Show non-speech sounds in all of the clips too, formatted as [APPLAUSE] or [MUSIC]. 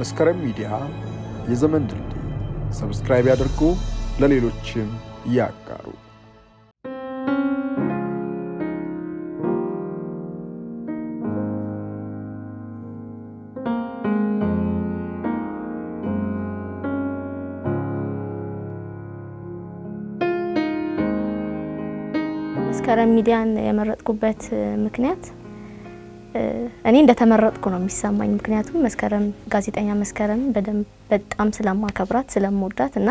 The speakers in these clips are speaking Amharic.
መስከረም ሚዲያ የዘመን ድልድይ ሰብስክራይብ ያድርጉ፣ ለሌሎችም ያጋሩ። መስከረም ሚዲያን የመረጥኩበት ምክንያት እኔ እንደተመረጥኩ ነው የሚሰማኝ። ምክንያቱም መስከረም ጋዜጠኛ መስከረም በደንብ በጣም ስለማከብራት ስለምወዳት እና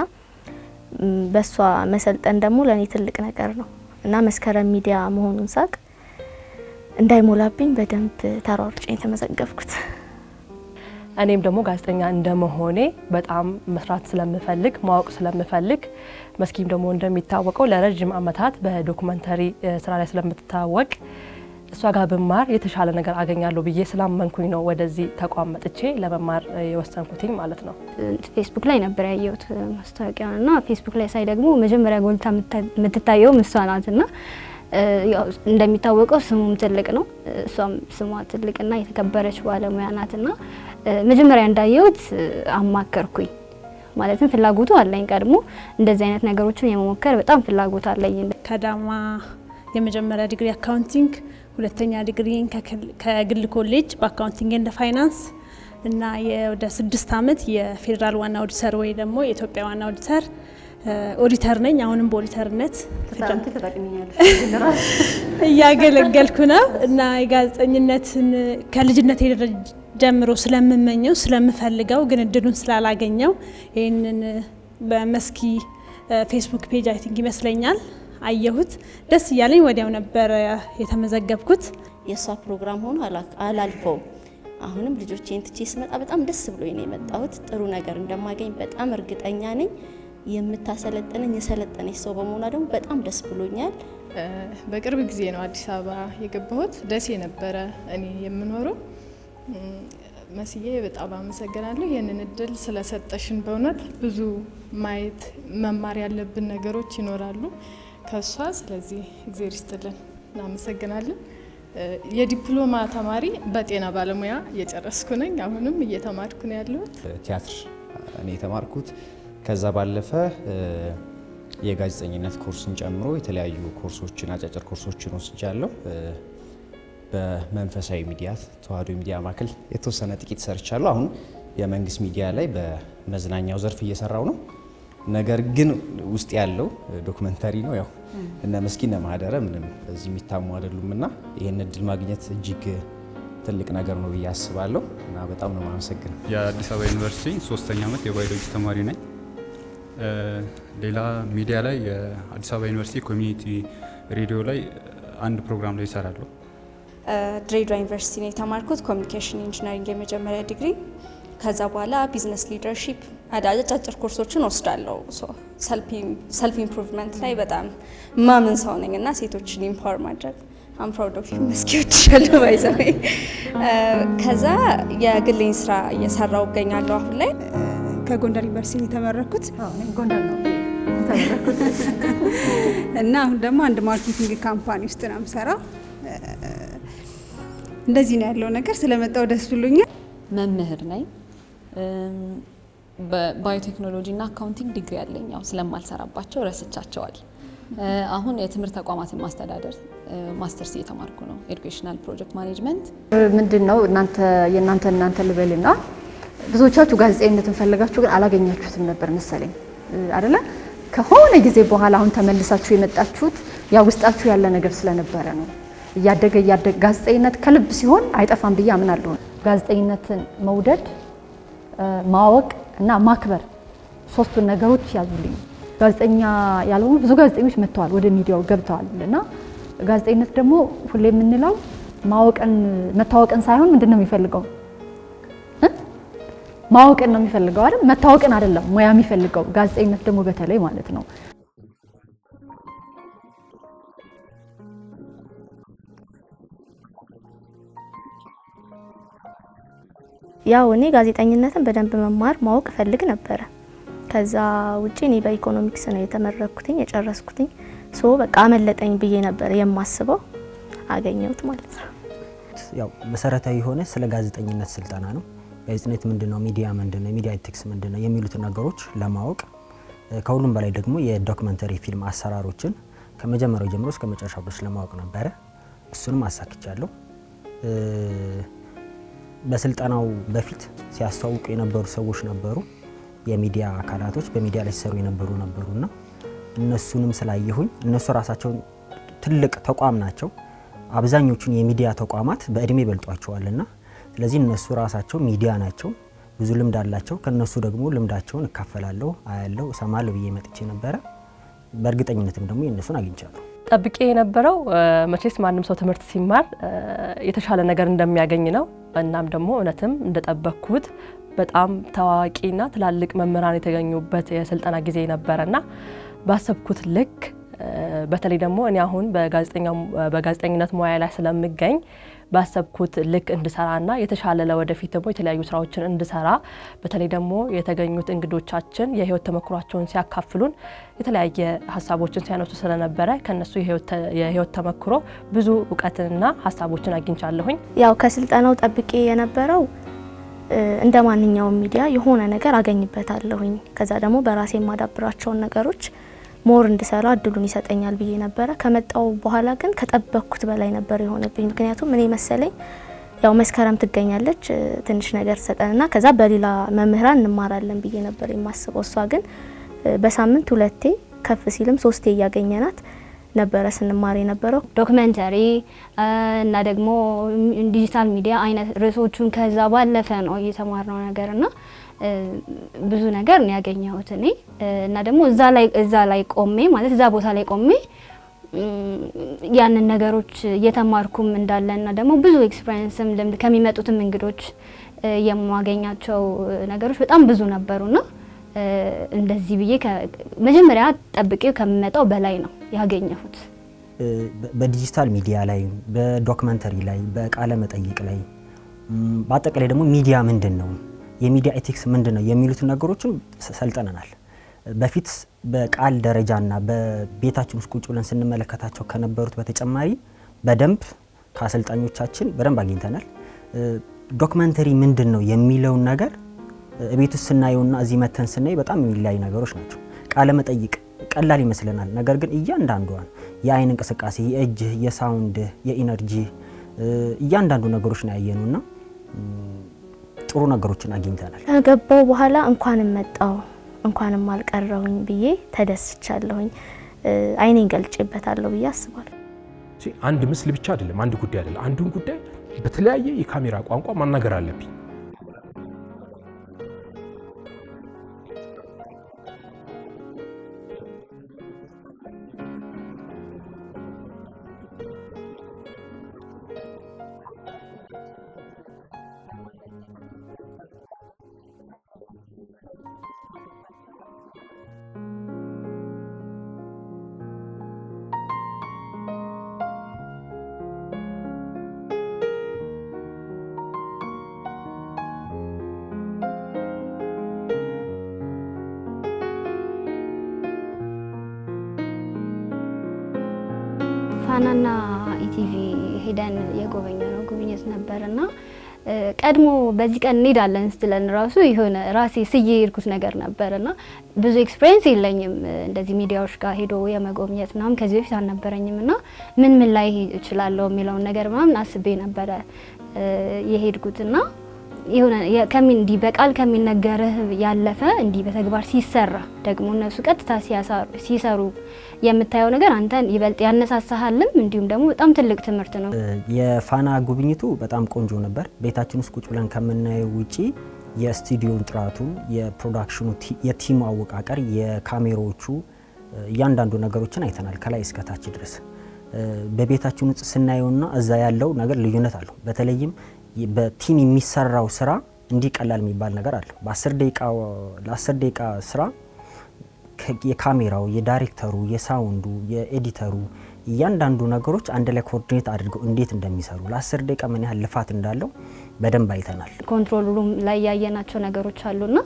በእሷ መሰልጠን ደግሞ ለእኔ ትልቅ ነገር ነው እና መስከረም ሚዲያ መሆኑን ሳቅ እንዳይሞላብኝ በደንብ ተሯርጬ የተመዘገብኩት። እኔም ደግሞ ጋዜጠኛ እንደመሆኔ በጣም መስራት ስለምፈልግ ማወቅ ስለምፈልግ መስኪም ደግሞ እንደሚታወቀው ለረዥም ዓመታት በዶኩመንተሪ ስራ ላይ ስለምትታወቅ እሷ ጋር ብማር የተሻለ ነገር አገኛለሁ ብዬ ስላመንኩኝ ነው ወደዚህ ተቋም መጥቼ ለመማር የወሰንኩትኝ ማለት ነው። ፌስቡክ ላይ ነበር ያየሁት ማስታወቂያውን እና ፌስቡክ ላይ ሳይ ደግሞ መጀመሪያ ጎልታ የምትታየውም እሷ ናት እና እንደሚታወቀው ስሙም ትልቅ ነው። እሷም ስሟ ትልቅና የተከበረች ባለሙያ ናት እና መጀመሪያ እንዳየሁት አማከርኩኝ ማለትም ፍላጎቱ አለኝ። ቀድሞ እንደዚህ አይነት ነገሮችን የመሞከር በጣም ፍላጎት አለኝ። ከዳማ የመጀመሪያ ዲግሪ አካውንቲንግ ሁለተኛ ዲግሪን ከግል ኮሌጅ በአካውንቲንግ ኤንድ ፋይናንስ እና ወደ ስድስት ዓመት የፌዴራል ዋና ኦዲተር ወይ ደግሞ የኢትዮጵያ ዋና ኦዲተር ኦዲተር ነኝ። አሁንም በኦዲተርነት [LAUGHS] እያገለገልኩ ነው እና የጋዜጠኝነትን ከልጅነት ጀምሮ ስለምመኘው ስለምፈልገው ግን እድሉን ስላላገኘው ይህንን በመስኪ ፌስቡክ ፔጅ አይቲንክ ይመስለኛል አየሁት። ደስ እያለኝ ወዲያው ነበረ የተመዘገብኩት። የእሷ ፕሮግራም ሆኖ አላልፈው። አሁንም ልጆቼን ትቼ ስመጣ በጣም ደስ ብሎኝ ነው የመጣሁት። ጥሩ ነገር እንደማገኝ በጣም እርግጠኛ ነኝ። የምታሰለጥነኝ የሰለጠነች ሰው በመሆኗ ደግሞ በጣም ደስ ብሎኛል። በቅርብ ጊዜ ነው አዲስ አበባ የገባሁት። ደሴ ነበረ እኔ የምኖረው። መስዬ በጣም አመሰግናለሁ ይህንን እድል ስለሰጠሽን። በእውነት ብዙ ማየት መማር ያለብን ነገሮች ይኖራሉ። ከእሷ። ስለዚህ እግዜር ይስጥልን፣ እናመሰግናለን። የዲፕሎማ ተማሪ በጤና ባለሙያ እየጨረስኩ ነኝ። አሁንም እየተማርኩ ነው ያለሁት። ቲያትር እኔ የተማርኩት ከዛ ባለፈ የጋዜጠኝነት ኮርስን ጨምሮ የተለያዩ ኮርሶችን አጫጭር ኮርሶችን ወስጃለሁ። በመንፈሳዊ ሚዲያ ተዋህዶ ሚዲያ ማዕከል የተወሰነ ጥቂት ሰርቻለሁ። አሁን የመንግስት ሚዲያ ላይ በመዝናኛው ዘርፍ እየሰራው ነው። ነገር ግን ውስጥ ያለው ዶክመንተሪ ነው። ያው እነ መስኪን እነ ማህደረ ምንም በዚህ የሚታሙ አይደሉም እና ይህን እድል ማግኘት እጅግ ትልቅ ነገር ነው ብዬ አስባለሁ እና በጣም ነው የማመሰግነው። የአዲስ አበባ ዩኒቨርሲቲ ሶስተኛ ዓመት የባዮሎጂ ተማሪ ነኝ። ሌላ ሚዲያ ላይ የአዲስ አበባ ዩኒቨርሲቲ ኮሚኒቲ ሬዲዮ ላይ አንድ ፕሮግራም ላይ ይሰራለሁ። ድሬዳዋ ዩኒቨርሲቲ ነው የተማርኩት ኮሚኒኬሽን ኢንጂነሪንግ የመጀመሪያ ዲግሪ፣ ከዛ በኋላ ቢዝነስ ሊደርሺፕ አጫጭር ኮርሶችን ወስዳለሁ። ሰልፍ ኢምፕሩቭመንት ላይ በጣም ማምን ሰው ነኝ እና ሴቶችን ኢምፓወር ማድረግ አም ፕራውድ ኦፍ አምፕራውዶፊ መስኪዎች ያለባይዘ ከዛ የግሌን ስራ እየሰራው እገኛለሁ አሁን ላይ ከጎንደር ዩኒቨርሲቲ የተመረኩት ጎንደር ነው [LAUGHS] እና አሁን ደግሞ አንድ ማርኬቲንግ ካምፓኒ ውስጥ ነው የምሰራው። እንደዚህ ነው ያለው ነገር። ስለመጣው ደስ ብሎኛል። መምህር ነኝ። በባዮቴክኖሎጂ እና አካውንቲንግ ዲግሪ ያለኝ ያው ስለማልሰራባቸው ረስቻቸዋል። አሁን የትምህርት ተቋማትን ማስተዳደር ማስተርስ እየተማርኩ ነው፣ ኤዱኬሽናል ፕሮጀክት ማኔጅመንት። ምንድን ነው እናንተ የእናንተ እናንተ ልበልና ብዙዎቻችሁ ጋዜጠኝነትን ፈልጋችሁ ግን አላገኛችሁትም ነበር መሰለኝ አይደለ? ከሆነ ጊዜ በኋላ አሁን ተመልሳችሁ የመጣችሁት ያ ውስጣችሁ ያለ ነገር ስለነበረ ነው። እያደገ እያደገ ጋዜጠኝነት ከልብ ሲሆን አይጠፋም ብዬ አምናለሁ። ጋዜጠኝነትን መውደድ ማወቅ እና ማክበር ሶስቱን ነገሮች ያዙልኝ። ጋዜጠኛ ያልሆኑ ብዙ ጋዜጠኞች መጥተዋል፣ ወደ ሚዲያው ገብተዋል እና ጋዜጠኝነት ደግሞ ሁሌ የምንለው ማወቅን መታወቅን ሳይሆን ምንድን ነው የሚፈልገው? ማወቅን ነው የሚፈልገው አይደል? መታወቅን አይደለም ሙያ የሚፈልገው ጋዜጠኝነት ደግሞ በተለይ ማለት ነው። ያው እኔ ጋዜጠኝነትን በደንብ መማር ማወቅ ፈልግ ነበረ። ከዛ ውጪ እኔ በኢኮኖሚክስ ነው የተመረኩትኝ የጨረስኩትኝ። ሶ በቃ አመለጠኝ ብዬ ነበር የማስበው፣ አገኘሁት ማለት ነው። ያው መሰረታዊ የሆነ ስለ ጋዜጠኝነት ስልጠና ነው። ጋዜጠኝነት ምንድነው፣ ሚዲያ ምንድነው፣ ሚዲያ ኢቲክስ ምንድነው የሚሉት ነገሮች ለማወቅ ከሁሉም በላይ ደግሞ የዶክመንተሪ ፊልም አሰራሮችን ከመጀመሪያው ጀምሮ እስከ መጨረሻው ድረስ ለማወቅ ነበረ። እሱንም አሳክቻለሁ። በስልጠናው በፊት ሲያስተዋውቁ የነበሩ ሰዎች ነበሩ፣ የሚዲያ አካላቶች በሚዲያ ላይ ሲሰሩ የነበሩ ነበሩና እነሱንም ስላየሁኝ እነሱ ራሳቸውን ትልቅ ተቋም ናቸው። አብዛኞቹን የሚዲያ ተቋማት በእድሜ በልጧቸዋልና ስለዚህ እነሱ ራሳቸው ሚዲያ ናቸው፣ ብዙ ልምድ አላቸው። ከእነሱ ደግሞ ልምዳቸውን እካፈላለሁ፣ አያለው፣ እሰማለሁ ብዬ መጥቼ ነበረ። በእርግጠኝነትም ደግሞ የእነሱን አግኝቻለሁ። ጠብቄ የነበረው መቼስ ማንም ሰው ትምህርት ሲማር የተሻለ ነገር እንደሚያገኝ ነው። እናም ደግሞ እውነትም እንደጠበቅኩት በጣም ታዋቂና ትላልቅ መምህራን የተገኙበት የስልጠና ጊዜ ነበረና ባሰብኩት ልክ በተለይ ደግሞ እኔ አሁን በጋዜጠኝነት ሙያ ላይ ስለምገኝ ባሰብኩት ልክ እንድሰራና የተሻለ ለወደፊት ደግሞ የተለያዩ ስራዎችን እንድሰራ በተለይ ደግሞ የተገኙት እንግዶቻችን የህይወት ተመክሯቸውን ሲያካፍሉን የተለያየ ሀሳቦችን ሲያነሱ ስለነበረ ከነሱ የህይወት ተመክሮ ብዙ እውቀትንና ሀሳቦችን አግኝቻለሁኝ። ያው ከስልጠናው ጠብቄ የነበረው እንደ ማንኛውም ሚዲያ የሆነ ነገር አገኝበታለሁኝ። ከዛ ደግሞ በራሴ የማዳብራቸውን ነገሮች ሞር እንድሰራ እድሉን ይሰጠኛል ብዬ ነበረ። ከመጣው በኋላ ግን ከጠበቅኩት በላይ ነበር የሆነብኝ። ምክንያቱም እኔ መሰለኝ ያው መስከረም ትገኛለች ትንሽ ነገር ትሰጠንና ከዛ በሌላ መምህራን እንማራለን ብዬ ነበር የማስበው። እሷ ግን በሳምንት ሁለቴ ከፍ ሲልም ሶስቴ እያገኘናት ነበረ ስንማር የነበረው ዶክመንተሪ እና ደግሞ ዲጂታል ሚዲያ አይነት ርዕሶቹን ከዛ ባለፈ ነው እየተማርነው ነገር ና ብዙ ነገር ነው ያገኘሁት እኔ እና ደግሞ እዛ ላይ እዛ ላይ ቆሜ ማለት እዛ ቦታ ላይ ቆሜ ያንን ነገሮች እየተማርኩም እንዳለ እና ደግሞ ብዙ ኤክስፒሪየንስም ልምድ ከሚመጡትም እንግዶች የማገኛቸው ነገሮች በጣም ብዙ ነበሩና እንደዚህ ብዬ መጀመሪያ ጠብቄው ከሚመጣው በላይ ነው ያገኘሁት። በዲጂታል ሚዲያ ላይ፣ በዶክመንተሪ ላይ፣ በቃለ መጠይቅ ላይ በአጠቃላይ ደግሞ ሚዲያ ምንድን ነው የሚዲያ ኤቲክስ ምንድን ነው የሚሉትን ነገሮችን ሰልጥነናል። በፊት በቃል ደረጃና በቤታችን ውስጥ ቁጭ ብለን ስንመለከታቸው ከነበሩት በተጨማሪ በደንብ ከአሰልጣኞቻችን በደንብ አግኝተናል። ዶክመንተሪ ምንድን ነው የሚለውን ነገር ቤት ውስጥ ስናየውና እዚህ መተን ስናይ በጣም የሚለያዩ ነገሮች ናቸው። ቃለ መጠይቅ ቀላል ይመስለናል፣ ነገር ግን እያንዳንዷን የአይን እንቅስቃሴ፣ የእጅህ፣ የሳውንድህ፣ የኢነርጂ እያንዳንዱ ነገሮች ነው ያየኑና ጥሩ ነገሮችን አግኝተናል። ከገባው በኋላ እንኳንም መጣው እንኳንም አልቀረውኝ ብዬ ተደስቻለሁኝ። አይኔን ገልጬበታለሁ ብዬ አስባለሁ። አንድ ምስል ብቻ አይደለም፣ አንድ ጉዳይ አይደለም፣ አንዱን ጉዳይ በተለያየ የካሜራ ቋንቋ ማናገር አለብኝ። ጣናና ኢቲቪ ሄደን የጎበኘ ነው ጉብኝት ነበር እና ቀድሞ በዚህ ቀን እንሄዳለን ስትለን ራሱ የሆነ ራሴ ስዬ የሄድኩት ነገር ነበር እና ብዙ ኤክስፒሪየንስ የለኝም እንደዚህ ሚዲያዎች ጋር ሄዶ የመጎብኘት ምናምን ከዚህ በፊት አልነበረኝም እና ምን ምን ላይ እችላለሁ የሚለውን ነገር ምናምን አስቤ ነበረ የሄድኩት እና የሆነ ከሚን እንዲህ በቃል ከሚነገርህ ያለፈ እንዲህ በተግባር ሲሰራ ደግሞ እነሱ ቀጥታ ሲሰሩ የምታየው ነገር አንተን ይበልጥ ያነሳሳሃልም እንዲሁም ደግሞ በጣም ትልቅ ትምህርት ነው። የፋና ጉብኝቱ በጣም ቆንጆ ነበር። ቤታችን ውስጥ ቁጭ ብለን ከምናየው ውጪ የስቱዲዮን ጥራቱ የፕሮዳክሽኑ፣ የቲሙ አወቃቀር፣ የካሜራዎቹ እያንዳንዱ ነገሮችን አይተናል ከላይ እስከታች ድረስ። በቤታችን ውስጥ ስናየውና እዛ ያለው ነገር ልዩነት አለው። በተለይም በቲም የሚሰራው ስራ እንዲህ ቀላል የሚባል ነገር አለ። ለአስር ደቂቃ ስራ የካሜራው፣ የዳይሬክተሩ፣ የሳውንዱ፣ የኤዲተሩ እያንዳንዱ ነገሮች አንድ ላይ ኮኦርዲኔት አድርገው እንዴት እንደሚሰሩ ለአስር ደቂቃ ምን ያህል ልፋት እንዳለው በደንብ አይተናል። ኮንትሮል ሩም ላይ ያየናቸው ነገሮች አሉና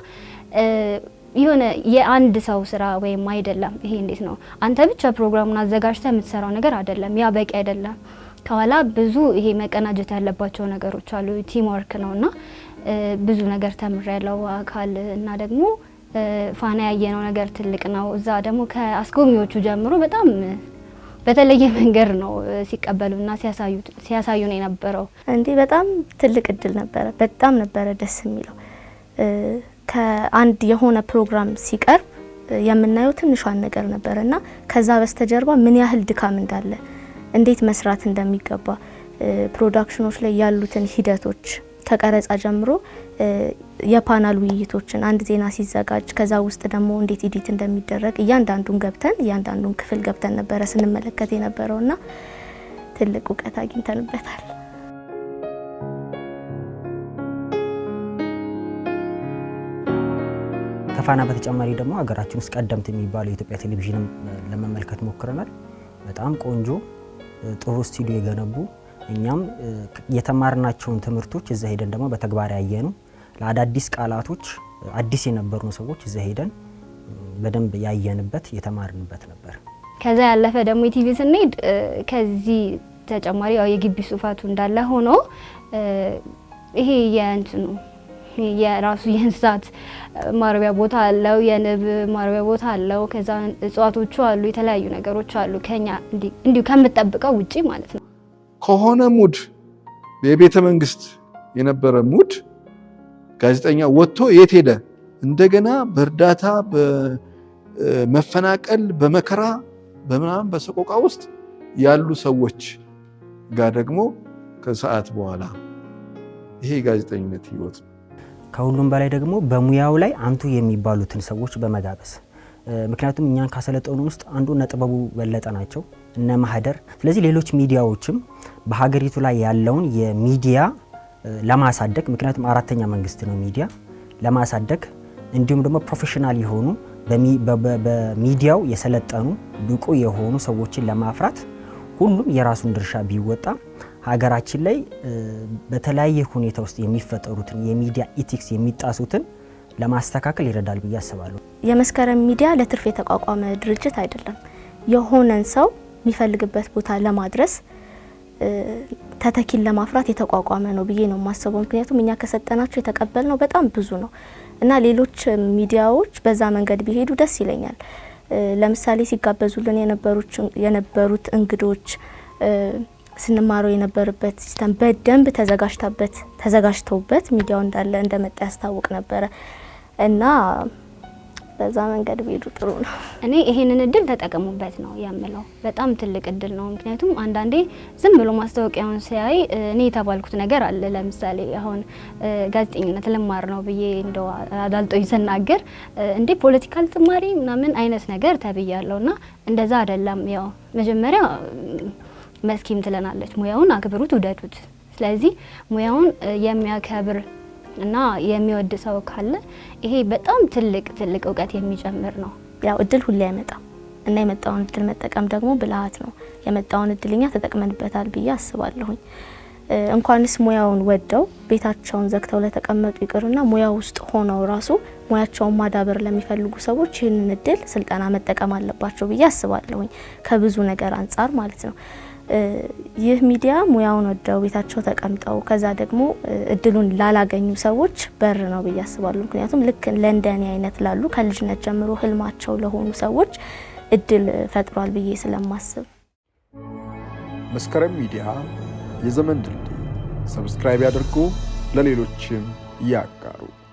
የሆነ የአንድ ሰው ስራ ወይም አይደለም። ይሄ እንዴት ነው አንተ ብቻ ፕሮግራሙን አዘጋጅተ የምትሰራው ነገር አይደለም። ያ በቂ አይደለም። ከኋላ ብዙ ይሄ መቀናጀት ያለባቸው ነገሮች አሉ። ቲምወርክ ወርክ ነው እና ብዙ ነገር ተምር ያለው አካል እና ደግሞ ፋና ያየነው ነገር ትልቅ ነው። እዛ ደግሞ ከአስጎብኚዎቹ ጀምሮ በጣም በተለየ መንገድ ነው ሲቀበሉና ሲያሳዩ ነው የነበረው። እንዲህ በጣም ትልቅ እድል ነበረ። በጣም ነበረ ደስ የሚለው ከአንድ የሆነ ፕሮግራም ሲቀርብ የምናየው ትንሿን ነገር ነበረ እና ከዛ በስተጀርባ ምን ያህል ድካም እንዳለ እንዴት መስራት እንደሚገባ ፕሮዳክሽኖች ላይ ያሉትን ሂደቶች ከቀረጻ ጀምሮ የፓናል ውይይቶችን አንድ ዜና ሲዘጋጅ ከዛ ውስጥ ደግሞ እንዴት ኢዲት እንደሚደረግ እያንዳንዱን ገብተን እያንዳንዱን ክፍል ገብተን ነበረ ስንመለከት የነበረውና ትልቅ እውቀት አግኝተንበታል። ከፋና በተጨማሪ ደግሞ ሀገራችን ውስጥ ቀደምት የሚባለው የኢትዮጵያ ቴሌቪዥንም ለመመልከት ሞክረናል። በጣም ቆንጆ ጥሩ ስቱዲዮ የገነቡ እኛም የተማርናቸውን ትምህርቶች እዛ ሄደን ደግሞ በተግባር ያየኑ ለአዳዲስ ቃላቶች አዲስ የነበሩን ሰዎች እዛ ሄደን በደንብ ያየንበት የተማርንበት ነበር። ከዛ ያለፈ ደግሞ ኢቲቪ ስንሄድ ከዚህ ተጨማሪ ያው የግቢ ጽሁፋቱ እንዳለ ሆኖ ይሄ የእንትኑ የራሱ የእንስሳት ማረቢያ ቦታ አለው፣ የንብ ማረቢያ ቦታ አለው። ከዛ እጽዋቶቹ አሉ፣ የተለያዩ ነገሮች አሉ። ከኛ እንዲሁ ከምጠብቀው ውጪ ማለት ነው ከሆነ ሙድ የቤተ መንግስት የነበረ ሙድ ጋዜጠኛ ወጥቶ የት ሄደ? እንደገና በእርዳታ በመፈናቀል በመከራ በምናምን በሰቆቃ ውስጥ ያሉ ሰዎች ጋር ደግሞ ከሰዓት በኋላ ይሄ የጋዜጠኝነት ህይወት ነው። ከሁሉም በላይ ደግሞ በሙያው ላይ አንቱ የሚባሉትን ሰዎች በመጋበዝ ምክንያቱም እኛን ካሰለጠኑ ውስጥ አንዱ እነ ጥበቡ በለጠ ናቸው፣ እነ ማህደር። ስለዚህ ሌሎች ሚዲያዎችም በሀገሪቱ ላይ ያለውን የሚዲያ ለማሳደግ ምክንያቱም አራተኛ መንግስት ነው ሚዲያ ለማሳደግ እንዲሁም ደግሞ ፕሮፌሽናል የሆኑ በሚዲያው የሰለጠኑ ብቁ የሆኑ ሰዎችን ለማፍራት ሁሉም የራሱን ድርሻ ቢወጣ ሀገራችን ላይ በተለያየ ሁኔታ ውስጥ የሚፈጠሩትን የሚዲያ ኢቲክስ የሚጣሱትን ለማስተካከል ይረዳል ብዬ አስባለሁ። የመስከረም ሚዲያ ለትርፍ የተቋቋመ ድርጅት አይደለም። የሆነን ሰው የሚፈልግበት ቦታ ለማድረስ ተተኪን ለማፍራት የተቋቋመ ነው ብዬ ነው የማስበው። ምክንያቱም እኛ ከሰጠናቸው የተቀበል ነው በጣም ብዙ ነው እና ሌሎች ሚዲያዎች በዛ መንገድ ቢሄዱ ደስ ይለኛል። ለምሳሌ ሲጋበዙልን የነበሩት እንግዶች ስንማረው የነበረበት ሲስተም በደንብ ተዘጋጅታበት ተዘጋጅተውበት ሚዲያው እንዳለ እንደመጣ ያስታውቅ ነበረ እና በዛ መንገድ ቢሄዱ ጥሩ ነው። እኔ ይሄንን እድል ተጠቀሙበት ነው የምለው። በጣም ትልቅ እድል ነው። ምክንያቱም አንዳንዴ ዝም ብሎ ማስታወቂያውን ሲያይ እኔ የተባልኩት ነገር አለ። ለምሳሌ አሁን ጋዜጠኝነት ልማር ነው ብዬ እንደ አዳልጦኝ ስናገር እንዴ ፖለቲካል ጥማሪ ምናምን አይነት ነገር ተብያለሁ እና እንደዛ አይደለም ያው መጀመሪያ መስኪም ትለናለች። ሙያውን አክብሩት፣ ውደዱት። ስለዚህ ሙያውን የሚያከብር እና የሚወድ ሰው ካለ ይሄ በጣም ትልቅ ትልቅ እውቀት የሚጨምር ነው። ያው እድል ሁሌ አይመጣም እና የመጣውን እድል መጠቀም ደግሞ ብልሃት ነው። የመጣውን እድል እኛ ተጠቅመንበታል ብዬ አስባለሁኝ። እንኳንስ ሙያውን ወደው ቤታቸውን ዘግተው ለተቀመጡ ይቅርና ሙያ ውስጥ ሆነው ራሱ ሙያቸውን ማዳበር ለሚፈልጉ ሰዎች ይህንን እድል ስልጠና መጠቀም አለባቸው ብዬ አስባለሁኝ ከብዙ ነገር አንጻር ማለት ነው። ይህ ሚዲያ ሙያውን ወደው ቤታቸው ተቀምጠው ከዛ ደግሞ እድሉን ላላገኙ ሰዎች በር ነው ብዬ አስባለሁ። ምክንያቱም ልክ ለእንደኔ አይነት ላሉ ከልጅነት ጀምሮ ህልማቸው ለሆኑ ሰዎች እድል ፈጥሯል ብዬ ስለማስብ መስከረም ሚዲያ የዘመን ድልድይ ሰብስክራይብ ያድርጉ፣ ለሌሎችም ያጋሩ።